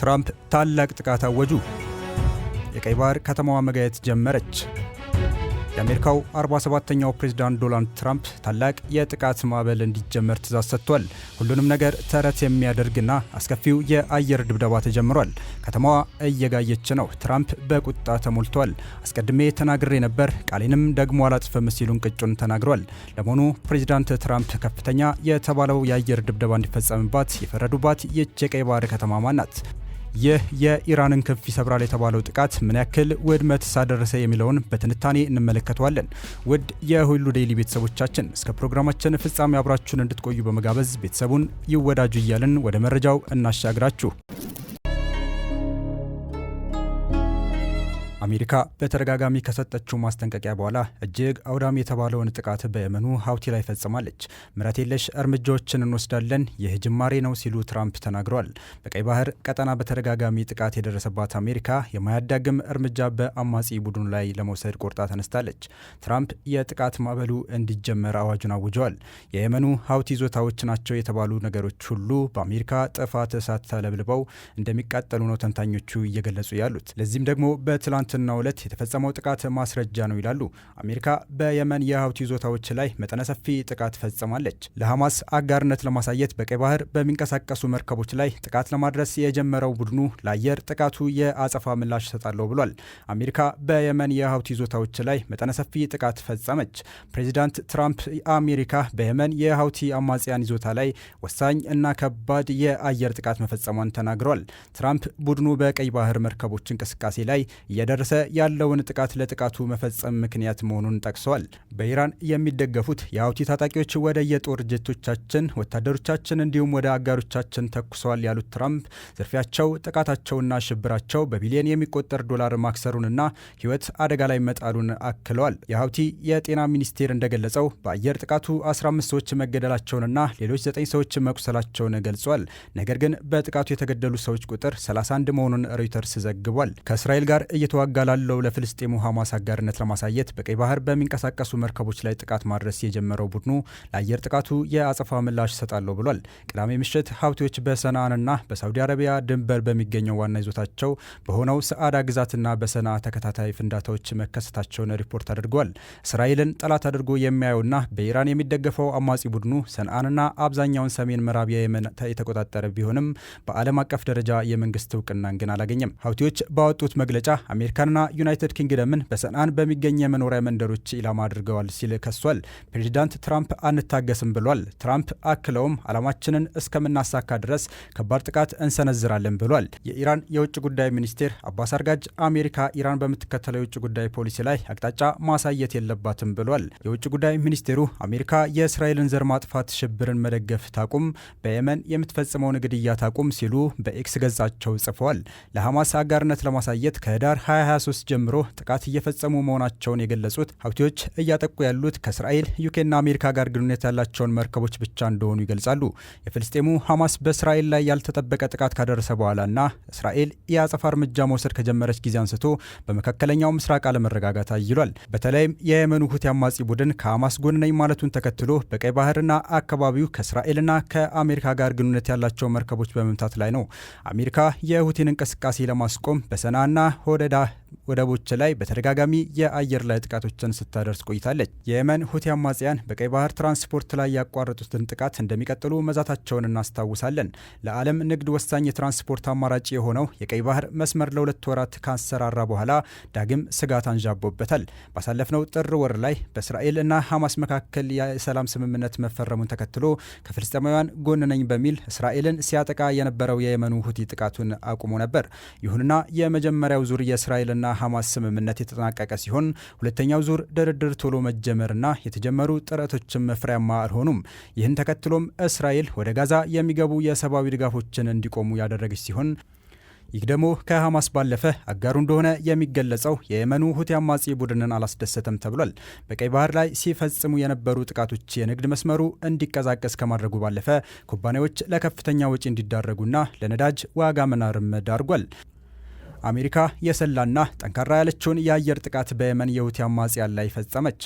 ትራምፕ ታላቅ ጥቃት አወጁ። የቀይ ባህር ከተማዋ መጋየት ጀመረች። የአሜሪካው 47ኛው ፕሬዝዳንት ዶናልድ ትራምፕ ታላቅ የጥቃት ማዕበል እንዲጀመር ትእዛዝ ሰጥቷል። ሁሉንም ነገር ተረት የሚያደርግና አስከፊው የአየር ድብደባ ተጀምሯል። ከተማዋ እየጋየች ነው። ትራምፕ በቁጣ ተሞልቷል። አስቀድሜ ተናግሬ ነበር፣ ቃሌንም ደግሞ አላጥፍም ሲሉን ቅጩን ተናግሯል። ለመሆኑ ፕሬዝዳንት ትራምፕ ከፍተኛ የተባለው የአየር ድብደባ እንዲፈጸምባት የፈረዱባት ይች የቀይ ባህር ከተማ ማናት? ናት? ይህ የኢራንን ክንፍ ይሰብራል የተባለው ጥቃት ምን ያክል ውድመት ሳደረሰ የሚለውን በትንታኔ እንመለከተዋለን። ውድ የሁሉ ዴይሊ ቤተሰቦቻችን እስከ ፕሮግራማችን ፍጻሜ አብራችሁን እንድትቆዩ በመጋበዝ ቤተሰቡን ይወዳጁ እያልን ወደ መረጃው እናሻግራችሁ። አሜሪካ በተደጋጋሚ ከሰጠችው ማስጠንቀቂያ በኋላ እጅግ አውዳሚ የተባለውን ጥቃት በየመኑ ሀውቲ ላይ ፈጽማለች። ምረት የለሽ እርምጃዎችን እንወስዳለን፣ ይህ ጅማሬ ነው ሲሉ ትራምፕ ተናግረዋል። በቀይ ባህር ቀጠና በተደጋጋሚ ጥቃት የደረሰባት አሜሪካ የማያዳግም እርምጃ በአማጺ ቡድኑ ላይ ለመውሰድ ቆርጣ ተነስታለች። ትራምፕ የጥቃት ማዕበሉ እንዲጀመር አዋጁን አውጀዋል። የየመኑ ሀውቲ ይዞታዎች ናቸው የተባሉ ነገሮች ሁሉ በአሜሪካ ጥፋት እሳት ተለብልበው እንደሚቃጠሉ ነው ተንታኞቹ እየገለጹ ያሉት። ለዚህም ደግሞ በትላንት በትናንትናው ዕለት የተፈጸመው ጥቃት ማስረጃ ነው ይላሉ። አሜሪካ በየመን የሀውቲ ይዞታዎች ላይ መጠነ ሰፊ ጥቃት ፈጽማለች። ለሐማስ አጋርነት ለማሳየት በቀይ ባህር በሚንቀሳቀሱ መርከቦች ላይ ጥቃት ለማድረስ የጀመረው ቡድኑ ለአየር ጥቃቱ የአጸፋ ምላሽ እሰጣለሁ ብሏል። አሜሪካ በየመን የሀውቲ ይዞታዎች ላይ መጠነ ሰፊ ጥቃት ፈጸመች። ፕሬዚዳንት ትራምፕ አሜሪካ በየመን የሀውቲ አማጽያን ይዞታ ላይ ወሳኝ እና ከባድ የአየር ጥቃት መፈጸሟን ተናግረዋል። ትራምፕ ቡድኑ በቀይ ባህር መርከቦች እንቅስቃሴ ላይ እያደረሰ እየደረሰ ያለውን ጥቃት ለጥቃቱ መፈጸም ምክንያት መሆኑን ጠቅሰዋል። በኢራን የሚደገፉት የሀውቲ ታጣቂዎች ወደ የጦር ጀቶቻችን፣ ወታደሮቻችን እንዲሁም ወደ አጋሮቻችን ተኩሰዋል ያሉት ትራምፕ ዝርፊያቸው፣ ጥቃታቸውና ሽብራቸው በቢሊዮን የሚቆጠር ዶላር ማክሰሩንና ህይወት አደጋ ላይ መጣሉን አክለዋል። የሀውቲ የጤና ሚኒስቴር እንደገለጸው በአየር ጥቃቱ 15 ሰዎች መገደላቸውንና ሌሎች 9 ሰዎች መቁሰላቸውን ገልጿል። ነገር ግን በጥቃቱ የተገደሉ ሰዎች ቁጥር 31 መሆኑን ሮይተርስ ዘግቧል። ከእስራኤል ጋር እየተዋጋ ዋጋ ላለው ለፍልስጤሙ ሐማስ አጋርነት ለማሳየት በቀይ ባህር በሚንቀሳቀሱ መርከቦች ላይ ጥቃት ማድረስ የጀመረው ቡድኑ ለአየር ጥቃቱ የአጸፋ ምላሽ እሰጣለሁ ብሏል። ቅዳሜ ምሽት ሀብቲዎች በሰንዓንና በሳውዲ አረቢያ ድንበር በሚገኘው ዋና ይዞታቸው በሆነው ሰዓዳ ግዛትና በሰንዓ ተከታታይ ፍንዳታዎች መከሰታቸውን ሪፖርት አድርገዋል። እስራኤልን ጠላት አድርጎ የሚያየውና በኢራን የሚደገፈው አማጺ ቡድኑ ሰንዓንና አብዛኛውን ሰሜን ምዕራብ የተቆጣጠረ ቢሆንም በዓለም አቀፍ ደረጃ የመንግስት እውቅናን ግን አላገኘም። ሀብቲዎች ባወጡት መግለጫ አሜሪካ አሜሪካና ዩናይትድ ኪንግደምን በሰንዓን በሚገኝ የመኖሪያ መንደሮች ኢላማ አድርገዋል ሲል ከሷል። ፕሬዚዳንት ትራምፕ አንታገስም ብሏል። ትራምፕ አክለውም ዓላማችንን እስከምናሳካ ድረስ ከባድ ጥቃት እንሰነዝራለን ብሏል። የኢራን የውጭ ጉዳይ ሚኒስቴር አባስ አርጋጅ አሜሪካ ኢራን በምትከተለው የውጭ ጉዳይ ፖሊሲ ላይ አቅጣጫ ማሳየት የለባትም ብሏል። የውጭ ጉዳይ ሚኒስቴሩ አሜሪካ የእስራኤልን ዘር ማጥፋት፣ ሽብርን መደገፍ ታቁም፣ በየመን የምትፈጽመውን ግድያ ታቁም ሲሉ በኤክስ ገጻቸው ጽፈዋል። ለሐማስ አጋርነት ለማሳየት ከህዳር 2 2023 ጀምሮ ጥቃት እየፈጸሙ መሆናቸውን የገለጹት ሀውቲዎች እያጠቁ ያሉት ከእስራኤል ዩኬና አሜሪካ ጋር ግንኙነት ያላቸውን መርከቦች ብቻ እንደሆኑ ይገልጻሉ። የፍልስጤሙ ሐማስ በእስራኤል ላይ ያልተጠበቀ ጥቃት ካደረሰ በኋላና እስራኤል የአጸፋ እርምጃ መውሰድ ከጀመረች ጊዜ አንስቶ በመካከለኛው ምስራቅ አለመረጋጋት አይሏል። በተለይም የየመኑ ሁቲ አማጺ ቡድን ከሐማስ ጎን ነኝ ማለቱን ተከትሎ በቀይ ባህርና አካባቢው ከእስራኤልና ከአሜሪካ ጋር ግንኙነት ያላቸው መርከቦች በመምታት ላይ ነው። አሜሪካ የሁቲን እንቅስቃሴ ለማስቆም በሰናና ሆደዳ ወደቦች ላይ በተደጋጋሚ የአየር ላይ ጥቃቶችን ስታደርስ ቆይታለች። የየመን ሁቲ አማጽያን በቀይ ባህር ትራንስፖርት ላይ ያቋረጡትን ጥቃት እንደሚቀጥሉ መዛታቸውን እናስታውሳለን። ለዓለም ንግድ ወሳኝ የትራንስፖርት አማራጭ የሆነው የቀይ ባህር መስመር ለሁለት ወራት ካንሰራራ በኋላ ዳግም ስጋት አንዣቦበታል። ባሳለፍነው ጥር ወር ላይ በእስራኤል እና ሐማስ መካከል የሰላም ስምምነት መፈረሙን ተከትሎ ከፍልስጤማውያን ጎን ነኝ በሚል እስራኤልን ሲያጠቃ የነበረው የየመኑ ሁቲ ጥቃቱን አቁሞ ነበር። ይሁንና የመጀመሪያው ዙር የእስራኤልና ሐማስ ስምምነት የተጠናቀቀ ሲሆን ሁለተኛው ዙር ድርድር ቶሎ መጀመርና የተጀመሩ ጥረቶችም ፍሬያማ አልሆኑም። ይህን ተከትሎም እስራኤል ወደ ጋዛ የሚገቡ የሰብአዊ ድጋፎችን እንዲቆሙ ያደረገች ሲሆን ይህ ደግሞ ከሐማስ ባለፈ አጋሩ እንደሆነ የሚገለጸው የየመኑ ሁቲ አማጺ ቡድንን አላስደሰተም ተብሏል። በቀይ ባህር ላይ ሲፈጽሙ የነበሩ ጥቃቶች የንግድ መስመሩ እንዲቀዛቀስ ከማድረጉ ባለፈ ኩባንያዎች ለከፍተኛ ወጪ እንዲዳረጉና ለነዳጅ ዋጋ መናርም ዳርጓል። አሜሪካ የሰላና ጠንካራ ያለችውን የአየር ጥቃት በየመን የሁቲ አማጽያን ላይ ፈጸመች።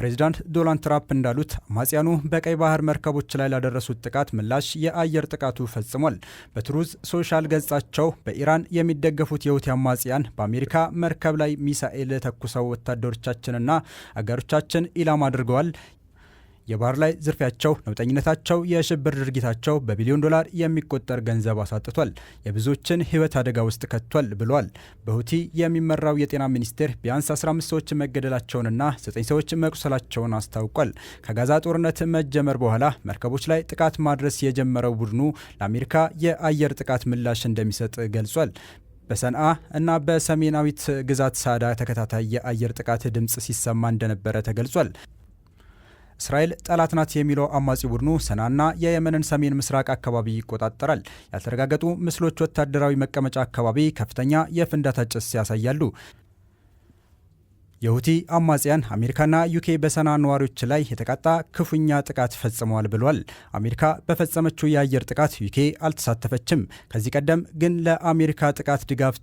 ፕሬዚዳንት ዶናልድ ትራምፕ እንዳሉት አማጽያኑ በቀይ ባህር መርከቦች ላይ ላደረሱት ጥቃት ምላሽ የአየር ጥቃቱ ፈጽሟል። በትሩዝ ሶሻል ገጻቸው በኢራን የሚደገፉት የሁቲ አማጽያን በአሜሪካ መርከብ ላይ ሚሳኤል ተኩሰው ወታደሮቻችንና አገሮቻችን ኢላማ አድርገዋል። የባህር ላይ ዝርፊያቸው፣ ነውጠኝነታቸው፣ የሽብር ድርጊታቸው በቢሊዮን ዶላር የሚቆጠር ገንዘብ አሳጥቷል፣ የብዙዎችን ህይወት አደጋ ውስጥ ከቷል ብሏል። በሁቲ የሚመራው የጤና ሚኒስቴር ቢያንስ 15 ሰዎች መገደላቸውንና 9 ሰዎች መቁሰላቸውን አስታውቋል። ከጋዛ ጦርነት መጀመር በኋላ መርከቦች ላይ ጥቃት ማድረስ የጀመረው ቡድኑ ለአሜሪካ የአየር ጥቃት ምላሽ እንደሚሰጥ ገልጿል። በሰንአ እና በሰሜናዊት ግዛት ሳዳ ተከታታይ የአየር ጥቃት ድምፅ ሲሰማ እንደነበረ ተገልጿል። እስራኤል ጠላት ናት የሚለው አማጺ ቡድኑ ሰናና የየመንን ሰሜን ምስራቅ አካባቢ ይቆጣጠራል። ያልተረጋገጡ ምስሎች ወታደራዊ መቀመጫ አካባቢ ከፍተኛ የፍንዳታ ጭስ ያሳያሉ። የሁቲ አማጽያን አሜሪካና ዩኬ በሰና ነዋሪዎች ላይ የተቃጣ ክፉኛ ጥቃት ፈጽመዋል ብሏል። አሜሪካ በፈጸመችው የአየር ጥቃት ዩኬ አልተሳተፈችም። ከዚህ ቀደም ግን ለአሜሪካ ጥቃት ድጋፍ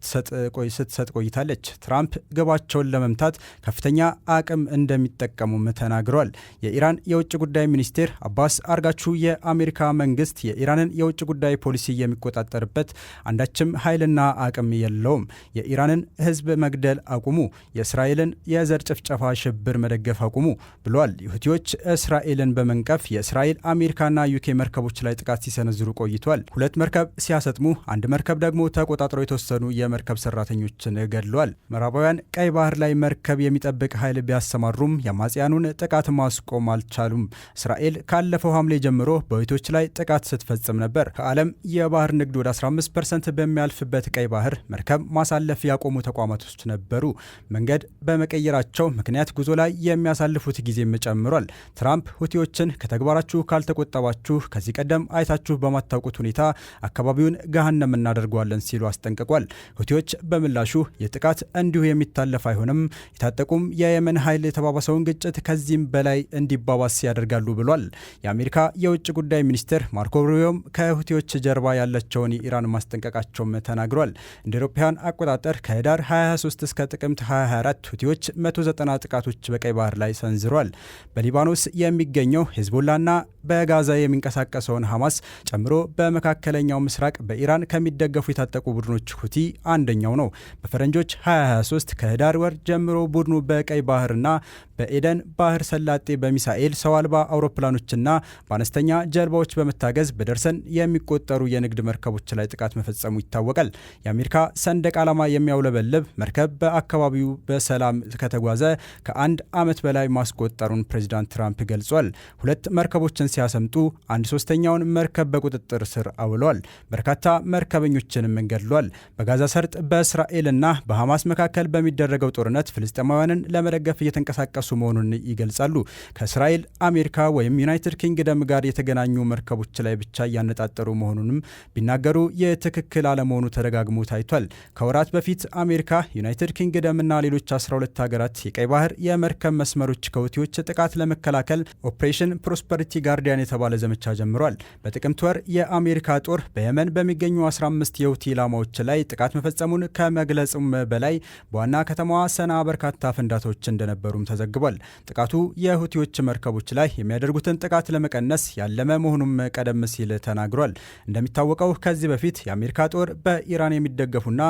ስትሰጥ ቆይታለች። ትራምፕ ግባቸውን ለመምታት ከፍተኛ አቅም እንደሚጠቀሙም ተናግረዋል። የኢራን የውጭ ጉዳይ ሚኒስቴር አባስ አርጋቹ የአሜሪካ መንግስት የኢራንን የውጭ ጉዳይ ፖሊሲ የሚቆጣጠርበት አንዳችም ኃይልና አቅም የለውም፣ የኢራንን ህዝብ መግደል አቁሙ፣ የእስራኤልን የዘር ጭፍጨፋ፣ ሽብር መደገፍ አቁሙ ብሏል። ሁቲዎች እስራኤልን በመንቀፍ የእስራኤል አሜሪካና ዩኬ መርከቦች ላይ ጥቃት ሲሰነዝሩ ቆይቷል። ሁለት መርከብ ሲያሰጥሙ፣ አንድ መርከብ ደግሞ ተቆጣጥሮ የተወሰኑ የመርከብ ሰራተኞችን ገድሏል። ምዕራባውያን ቀይ ባህር ላይ መርከብ የሚጠብቅ ኃይል ቢያሰማሩም የአማጽያኑን ጥቃት ማስቆም አልቻሉም። እስራኤል ካለፈው ሐምሌ ጀምሮ በሁቲዎች ላይ ጥቃት ስትፈጽም ነበር። ከዓለም የባህር ንግድ ወደ 15 ፐርሰንት በሚያልፍበት ቀይ ባህር መርከብ ማሳለፍ ያቆሙ ተቋማት ውስጥ ነበሩ። መንገድ በመቀ መቀየራቸው ምክንያት ጉዞ ላይ የሚያሳልፉት ጊዜም ጨምሯል። ትራምፕ ሁቲዎችን ከተግባራችሁ ካልተቆጠባችሁ ከዚህ ቀደም አይታችሁ በማታውቁት ሁኔታ አካባቢውን ገሃነም እናደርገዋለን ሲሉ አስጠንቅቋል። ሁቲዎች በምላሹ የጥቃት እንዲሁ የሚታለፍ አይሆንም፣ የታጠቁም የየመን ኃይል የተባባሰውን ግጭት ከዚህም በላይ እንዲባባስ ያደርጋሉ ብሏል። የአሜሪካ የውጭ ጉዳይ ሚኒስትር ማርኮ ሩቢዮም ከሁቲዎች ጀርባ ያለቸውን የኢራን ማስጠንቀቃቸውም ተናግሯል። እንደ አውሮፓውያን አቆጣጠር ከህዳር 23 እስከ ጥቅምት 24 ሁቲዎች 190 ጥቃቶች በቀይ ባህር ላይ ሰንዝሯል። በሊባኖስ የሚገኘው ሄዝቦላና በጋዛ የሚንቀሳቀሰውን ሐማስ ጨምሮ በመካከለኛው ምስራቅ በኢራን ከሚደገፉ የታጠቁ ቡድኖች ሁቲ አንደኛው ነው። በፈረንጆች 2023 ከህዳር ወር ጀምሮ ቡድኑ በቀይ ባህርና በኤደን ባህር ሰላጤ በሚሳኤል ሰው አልባ አውሮፕላኖችና በአነስተኛ ጀልባዎች በመታገዝ በደርሰን የሚቆጠሩ የንግድ መርከቦች ላይ ጥቃት መፈጸሙ ይታወቃል። የአሜሪካ ሰንደቅ ዓላማ የሚያውለበልብ መርከብ በአካባቢው በሰላም ከተጓዘ ከአንድ ዓመት በላይ ማስቆጠሩን ፕሬዚዳንት ትራምፕ ገልጿል። ሁለት መርከቦችን ሲያሰምጡ አንድ ሶስተኛውን መርከብ በቁጥጥር ስር አውሏል። በርካታ መርከበኞችንም እንገድሏል። በጋዛ ሰርጥ በእስራኤልና በሐማስ መካከል በሚደረገው ጦርነት ፍልስጤማውያንን ለመደገፍ እየተንቀሳቀሱ መሆኑን ይገልጻሉ። ከእስራኤል አሜሪካ ወይም ዩናይትድ ኪንግደም ጋር የተገናኙ መርከቦች ላይ ብቻ እያነጣጠሩ መሆኑንም ቢናገሩ የትክክል አለመሆኑ ተደጋግሞ ታይቷል። ከወራት በፊት አሜሪካ ዩናይትድ ኪንግደምና ሌሎች 12 ሀገራት የቀይ ባህር የመርከብ መስመሮች ከሁቲዎች ጥቃት ለመከላከል ኦፕሬሽን ፕሮስፐሪቲ ጋርዲያን የተባለ ዘመቻ ጀምሯል። በጥቅምት ወር የአሜሪካ ጦር በየመን በሚገኙ 15 የሁቲ ኢላማዎች ላይ ጥቃት መፈጸሙን ከመግለጹም በላይ በዋና ከተማዋ ሰና በርካታ ፍንዳቶች እንደነበሩም ተዘግቧል። ጥቃቱ የሁቲዎች መርከቦች ላይ የሚያደርጉትን ጥቃት ለመቀነስ ያለመ መሆኑም ቀደም ሲል ተናግሯል። እንደሚታወቀው ከዚህ በፊት የአሜሪካ ጦር በኢራን የሚደገፉና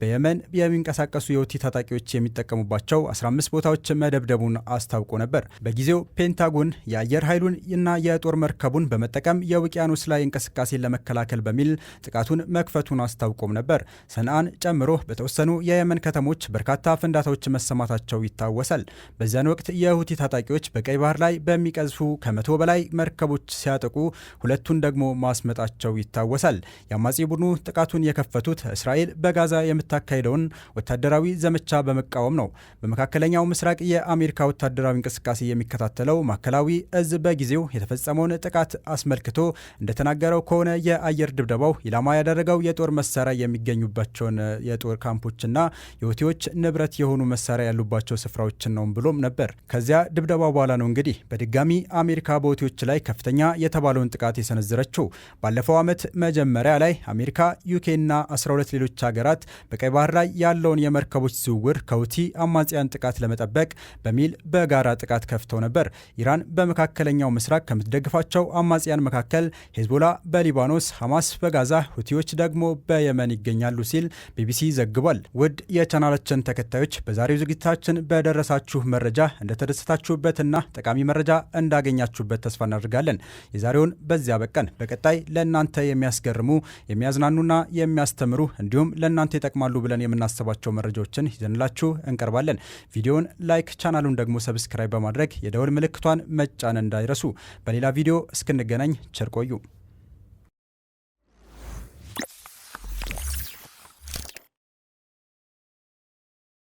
በየመን የሚንቀሳቀሱ የሁቲ ታጣቂዎች የሚጠቀሙባቸው በአጠቃላው 15 ቦታዎች መደብደቡን አስታውቆ ነበር። በጊዜው ፔንታጎን የአየር ኃይሉን እና የጦር መርከቡን በመጠቀም የውቅያኖስ ላይ እንቅስቃሴን ለመከላከል በሚል ጥቃቱን መክፈቱን አስታውቆም ነበር። ሰንአን ጨምሮ በተወሰኑ የየመን ከተሞች በርካታ ፍንዳታዎች መሰማታቸው ይታወሳል። በዚያን ወቅት የሁቲ ታጣቂዎች በቀይ ባህር ላይ በሚቀዝፉ ከመቶ በላይ መርከቦች ሲያጠቁ ሁለቱን ደግሞ ማስመጣቸው ይታወሳል። የአማጺ ቡድኑ ጥቃቱን የከፈቱት እስራኤል በጋዛ የምታካሄደውን ወታደራዊ ዘመቻ በመቃወም ነው። በመካከለኛው ምስራቅ የአሜሪካ ወታደራዊ እንቅስቃሴ የሚከታተለው ማዕከላዊ እዝ በጊዜው የተፈጸመውን ጥቃት አስመልክቶ እንደተናገረው ከሆነ የአየር ድብደባው ኢላማ ያደረገው የጦር መሳሪያ የሚገኙባቸውን የጦር ካምፖችና የሁቲዎች ንብረት የሆኑ መሳሪያ ያሉባቸው ስፍራዎችን ነው ብሎም ነበር። ከዚያ ድብደባ በኋላ ነው እንግዲህ በድጋሚ አሜሪካ በሁቲዎች ላይ ከፍተኛ የተባለውን ጥቃት የሰነዘረችው። ባለፈው ዓመት መጀመሪያ ላይ አሜሪካ፣ ዩኬና 12 ሌሎች ሀገራት በቀይ ባህር ላይ ያለውን የመርከቦች ዝውውር ከሁቲ አማጺ የአማጽያን ጥቃት ለመጠበቅ በሚል በጋራ ጥቃት ከፍተው ነበር። ኢራን በመካከለኛው ምስራቅ ከምትደግፋቸው አማጽያን መካከል ሄዝቦላ በሊባኖስ፣ ሐማስ በጋዛ፣ ሁቲዎች ደግሞ በየመን ይገኛሉ ሲል ቢቢሲ ዘግቧል። ውድ የቻናላችን ተከታዮች በዛሬው ዝግጅታችን በደረሳችሁ መረጃ እንደተደሰታችሁበትና ጠቃሚ መረጃ እንዳገኛችሁበት ተስፋ እናደርጋለን። የዛሬውን በዚያ በቀን በቀጣይ ለእናንተ የሚያስገርሙ የሚያዝናኑና የሚያስተምሩ እንዲሁም ለእናንተ ይጠቅማሉ ብለን የምናስባቸው መረጃዎችን ይዘንላችሁ እንቀርባለን። ቪዲዮን ላይክ፣ ቻናሉን ደግሞ ሰብስክራይብ በማድረግ የደወል ምልክቷን መጫን እንዳይረሱ። በሌላ ቪዲዮ እስክንገናኝ ቸር ቆዩ።